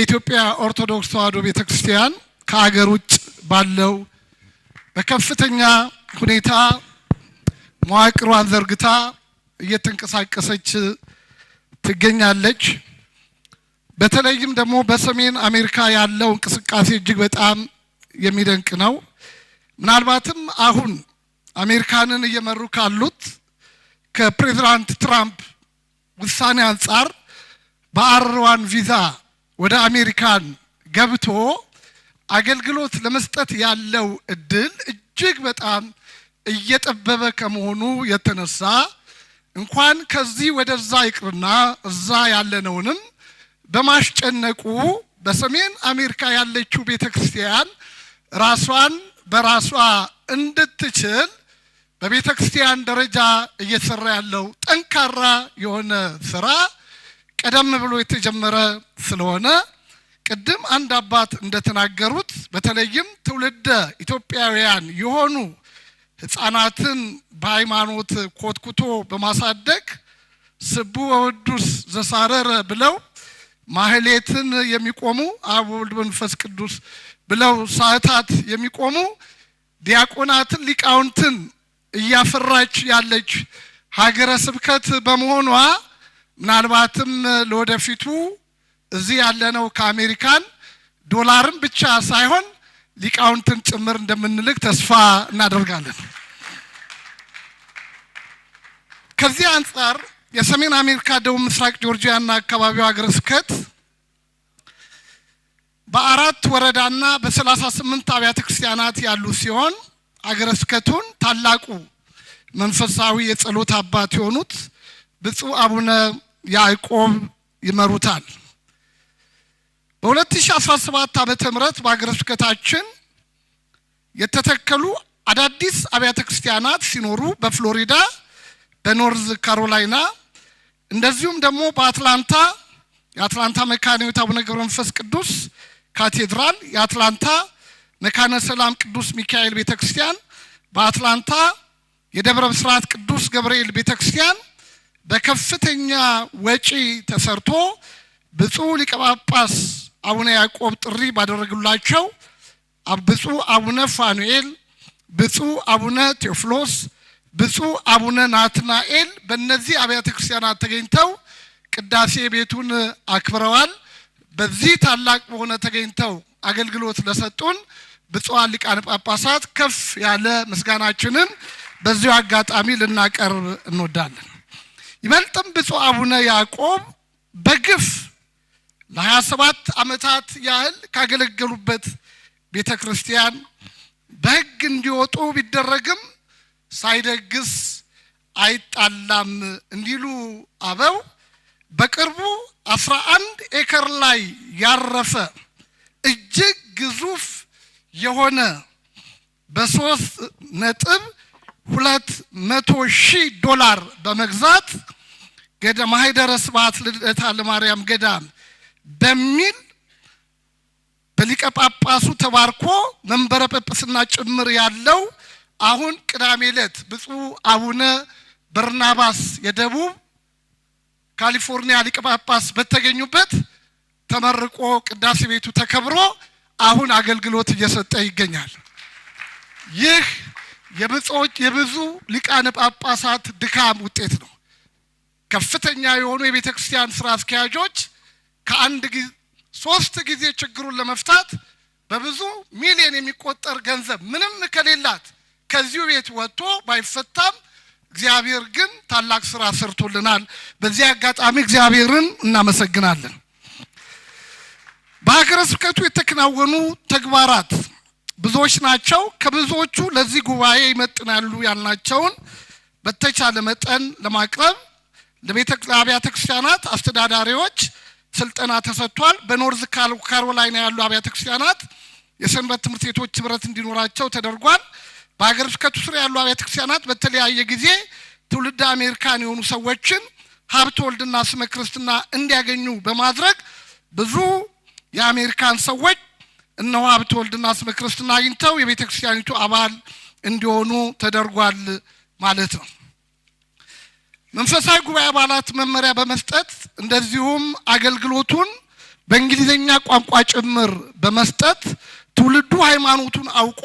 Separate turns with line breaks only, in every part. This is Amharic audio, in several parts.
በኢትዮጵያ ኦርቶዶክስ ተዋህዶ ቤተ ክርስቲያን ውጭ ባለው በከፍተኛ ሁኔታ መዋቅሯን ዘርግታ እየተንቀሳቀሰች ትገኛለች። በተለይም ደግሞ በሰሜን አሜሪካ ያለው እንቅስቃሴ እጅግ በጣም የሚደንቅ ነው። ምናልባትም አሁን አሜሪካንን እየመሩ ካሉት ከፕሬዚዳንት ትራምፕ ውሳኔ አንጻር በአርዋን ቪዛ ወደ አሜሪካን ገብቶ አገልግሎት ለመስጠት ያለው እድል እጅግ በጣም እየጠበበ ከመሆኑ የተነሳ እንኳን ከዚህ ወደዛ ይቅርና እዛ ያለነውንም በማስጨነቁ በሰሜን አሜሪካ ያለችው ቤተ ክርስቲያን ራሷን በራሷ እንድትችል በቤተ ክርስቲያን ደረጃ እየተሰራ ያለው ጠንካራ የሆነ ስራ ቀደም ብሎ የተጀመረ ስለሆነ ቅድም አንድ አባት እንደተናገሩት በተለይም ትውልደ ኢትዮጵያውያን የሆኑ ህፃናትን በሃይማኖት ኮትኩቶ በማሳደግ ስቡ ወውዱስ ዘሳረረ ብለው ማህሌትን የሚቆሙ አብ ወልድ መንፈስ ቅዱስ ብለው ሰዓታት የሚቆሙ ዲያቆናትን ሊቃውንትን እያፈራች ያለች ሀገረ ስብከት በመሆኗ ምናልባትም ለወደፊቱ እዚህ ያለነው ከአሜሪካን ዶላርም ብቻ ሳይሆን ሊቃውንትን ጭምር እንደምንልክ ተስፋ እናደርጋለን። ከዚህ አንጻር የሰሜን አሜሪካ ደቡብ ምስራቅ ጆርጂያና አካባቢው ሀገረ ስብከት በአራት ወረዳና በሰላሳ ስምንት አብያተ ክርስቲያናት ያሉ ሲሆን አገረ ስብከቱን ታላቁ መንፈሳዊ የጸሎት አባት የሆኑት ብፁዕ አቡነ ያዕቆብ ይመሩታል። በ2017 ዓመተ ምህረት በሀገረ ስብከታችን የተተከሉ አዳዲስ አብያተ ክርስቲያናት ሲኖሩ በፍሎሪዳ፣ በኖርዝ ካሮላይና እንደዚሁም ደግሞ በአትላንታ የአትላንታ መካነ ሕይወት አቡነ ገብረ መንፈስ ቅዱስ ካቴድራል፣ የአትላንታ መካነ ሰላም ቅዱስ ሚካኤል ቤተ ክርስቲያን፣ በአትላንታ የደብረ ብስራት ቅዱስ ገብርኤል ቤተ ክርስቲያን በከፍተኛ ወጪ ተሰርቶ ብፁዕ ሊቀ ጳጳስ አቡነ ያዕቆብ ጥሪ ባደረጉላቸው ብፁዕ አቡነ ፋኑኤል፣ ብፁዕ አቡነ ቴዎፍሎስ፣ ብፁዕ አቡነ ናትናኤል በእነዚህ አብያተ ክርስቲያናት ተገኝተው ቅዳሴ ቤቱን አክብረዋል። በዚህ ታላቅ በሆነ ተገኝተው አገልግሎት ለሰጡን ብፁዓን ሊቃነ ጳጳሳት ከፍ ያለ ምስጋናችንን በዚሁ አጋጣሚ ልናቀርብ እንወዳለን። ይበልጥም ብፁዕ አቡነ ያዕቆብ በግፍ ለ27 ዓመታት ያህል ካገለገሉበት ቤተ ክርስቲያን በሕግ እንዲወጡ ቢደረግም ሳይደግስ አይጣላም እንዲሉ አበው በቅርቡ 11 ኤከር ላይ ያረፈ እጅግ ግዙፍ የሆነ በሶስት ነጥብ ሁለት መቶ ሺህ ዶላር በመግዛት ገዳም ሀይደረ ስብሐት ልደታ ለማርያም ገዳም በሚል በሊቀ ጳጳሱ ተባርኮ መንበረ ጵጵስና ጭምር ያለው አሁን ቅዳሜ ዕለት ብፁዕ አቡነ በርናባስ የደቡብ ካሊፎርኒያ ሊቀ ጳጳስ በተገኙበት ተመርቆ ቅዳሴ ቤቱ ተከብሮ አሁን አገልግሎት እየሰጠ ይገኛል። ይህ የብፁዎች የብዙ ሊቃነ ጳጳሳት ድካም ውጤት ነው። ከፍተኛ የሆኑ የቤተ ክርስቲያን ስራ አስኪያጆች ከአንድ ሶስት ጊዜ ችግሩን ለመፍታት በብዙ ሚሊዮን የሚቆጠር ገንዘብ ምንም ከሌላት ከዚሁ ቤት ወጥቶ ባይፈታም እግዚአብሔር ግን ታላቅ ስራ ሰርቶልናል። በዚህ አጋጣሚ እግዚአብሔርን እናመሰግናለን። በሀገረ ስብከቱ የተከናወኑ ተግባራት ብዙዎች ናቸው። ከብዙዎቹ ለዚህ ጉባኤ ይመጥናሉ ያልናቸውን በተቻለ መጠን ለማቅረብ ለአብያተ ክርስቲያናት አስተዳዳሪዎች ስልጠና ተሰጥቷል። በኖርዝ ካሮላይና ያሉ አብያተ ክርስቲያናት የሰንበት ትምህርት ቤቶች ህብረት እንዲኖራቸው ተደርጓል። በሀገር ስብከቱ ስር ያሉ አብያተ ክርስቲያናት በተለያየ ጊዜ ትውልድ አሜሪካን የሆኑ ሰዎችን ሀብት ወልድና ስመ ክርስትና እንዲያገኙ በማድረግ ብዙ የአሜሪካን ሰዎች እነሆ ሀብተ ወልድና ስመ ክርስትና አግኝተው የቤተ ክርስቲያኒቱ አባል እንዲሆኑ ተደርጓል ማለት ነው። መንፈሳዊ ጉባኤ አባላት መመሪያ በመስጠት እንደዚሁም አገልግሎቱን በእንግሊዝኛ ቋንቋ ጭምር በመስጠት ትውልዱ ሃይማኖቱን አውቆ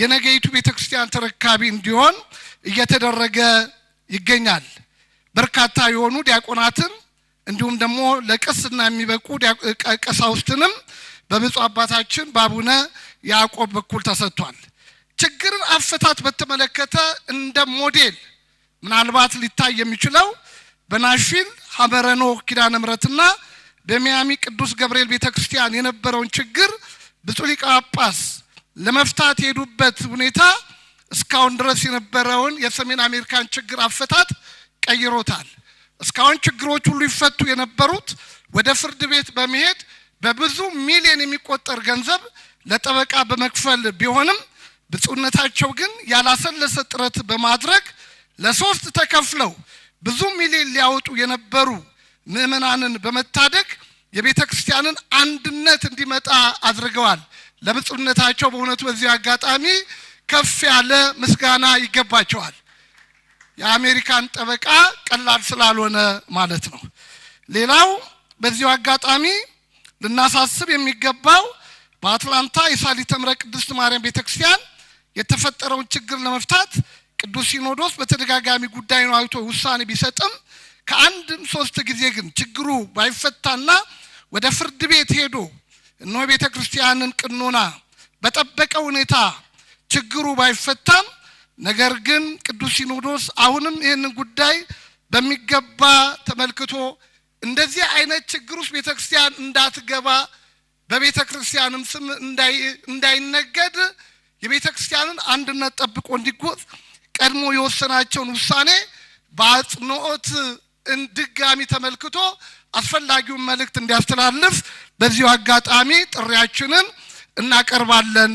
የነገይቱ ቤተ ክርስቲያን ተረካቢ እንዲሆን እየተደረገ ይገኛል። በርካታ የሆኑ ዲያቆናትን እንዲሁም ደግሞ ለቅስና የሚበቁ ቀሳውስትንም በብፁዕ አባታችን በአቡነ ያዕቆብ በኩል ተሰጥቷል። ችግርን አፈታት በተመለከተ እንደ ሞዴል ምናልባት ሊታይ የሚችለው በናሽቪል ሀበረኖ ኪዳነ ምሕረትና በሚያሚ ቅዱስ ገብርኤል ቤተ ክርስቲያን የነበረውን ችግር ብፁዕ ሊቀ ጳጳስ ለመፍታት የሄዱበት ሁኔታ እስካሁን ድረስ የነበረውን የሰሜን አሜሪካን ችግር አፈታት ቀይሮታል። እስካሁን ችግሮች ሁሉ ይፈቱ የነበሩት ወደ ፍርድ ቤት በመሄድ በብዙ ሚሊዮን የሚቆጠር ገንዘብ ለጠበቃ በመክፈል ቢሆንም ብፁዕነታቸው ግን ያላሰለሰ ጥረት በማድረግ ለሶስት ተከፍለው ብዙ ሚሊዮን ሊያወጡ የነበሩ ምዕመናንን በመታደግ የቤተ ክርስቲያንን አንድነት እንዲመጣ አድርገዋል። ለብፁዕነታቸው በእውነቱ በዚህ አጋጣሚ ከፍ ያለ ምስጋና ይገባቸዋል። የአሜሪካን ጠበቃ ቀላል ስላልሆነ ማለት ነው። ሌላው በዚሁ አጋጣሚ ልናሳስብ የሚገባው በአትላንታ የሳሊ ተምረ ቅድስት ማርያም ቤተክርስቲያን የተፈጠረውን ችግር ለመፍታት ቅዱስ ሲኖዶስ በተደጋጋሚ ነው አይቶ ውሳኔ ቢሰጥም ከአንድም ሶስት ጊዜ ግን ችግሩ ባይፈታና ወደ ፍርድ ቤት ሄዶ እኖ ቤተ ክርስቲያንን ቅኖና በጠበቀ ሁኔታ ችግሩ ባይፈታም፣ ነገር ግን ቅዱስ ሲኖዶስ አሁንም ይህንን ጉዳይ በሚገባ ተመልክቶ እንደዚህ አይነት ችግር ውስጥ ቤተ ክርስቲያን እንዳትገባ በቤተ ክርስቲያንም ስም እንዳይነገድ የቤተ ክርስቲያንን አንድነት ጠብቆ እንዲጎዝ ቀድሞ የወሰናቸውን ውሳኔ በአጽንኦት ድጋሚ ተመልክቶ አስፈላጊውን መልእክት እንዲያስተላልፍ በዚሁ አጋጣሚ ጥሪያችንን እናቀርባለን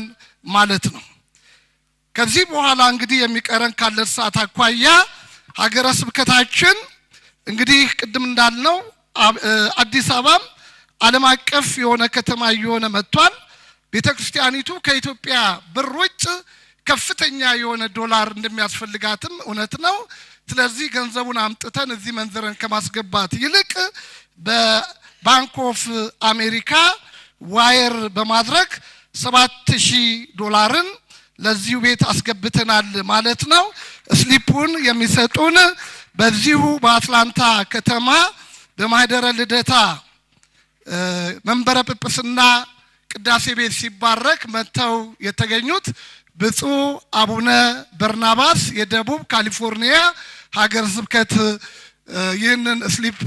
ማለት ነው። ከዚህ በኋላ እንግዲህ የሚቀረን ካለን ሰዓት አኳያ ሀገረ ስብከታችን እንግዲህ ቅድም እንዳልነው አዲስ አበባም ዓለም አቀፍ የሆነ ከተማ እየሆነ መጥቷል። ቤተ ክርስቲያኒቱ ከኢትዮጵያ ብር ውጭ ከፍተኛ የሆነ ዶላር እንደሚያስፈልጋትም እውነት ነው። ስለዚህ ገንዘቡን አምጥተን እዚህ መንዝረን ከማስገባት ይልቅ በባንክ ኦፍ አሜሪካ ዋየር በማድረግ ሰባት ሺህ ዶላርን ለዚሁ ቤት አስገብተናል ማለት ነው። ስሊፑን የሚሰጡን በዚሁ በአትላንታ ከተማ በማኅደረ ልደታ መንበረ ጵጵስና ቅዳሴ ቤት ሲባረክ መጥተው የተገኙት ብፁዕ አቡነ በርናባስ የደቡብ ካሊፎርኒያ ሀገር ስብከት ይህንን ስሊፕ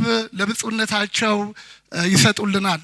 ለብፁዕነታቸው ይሰጡልናል።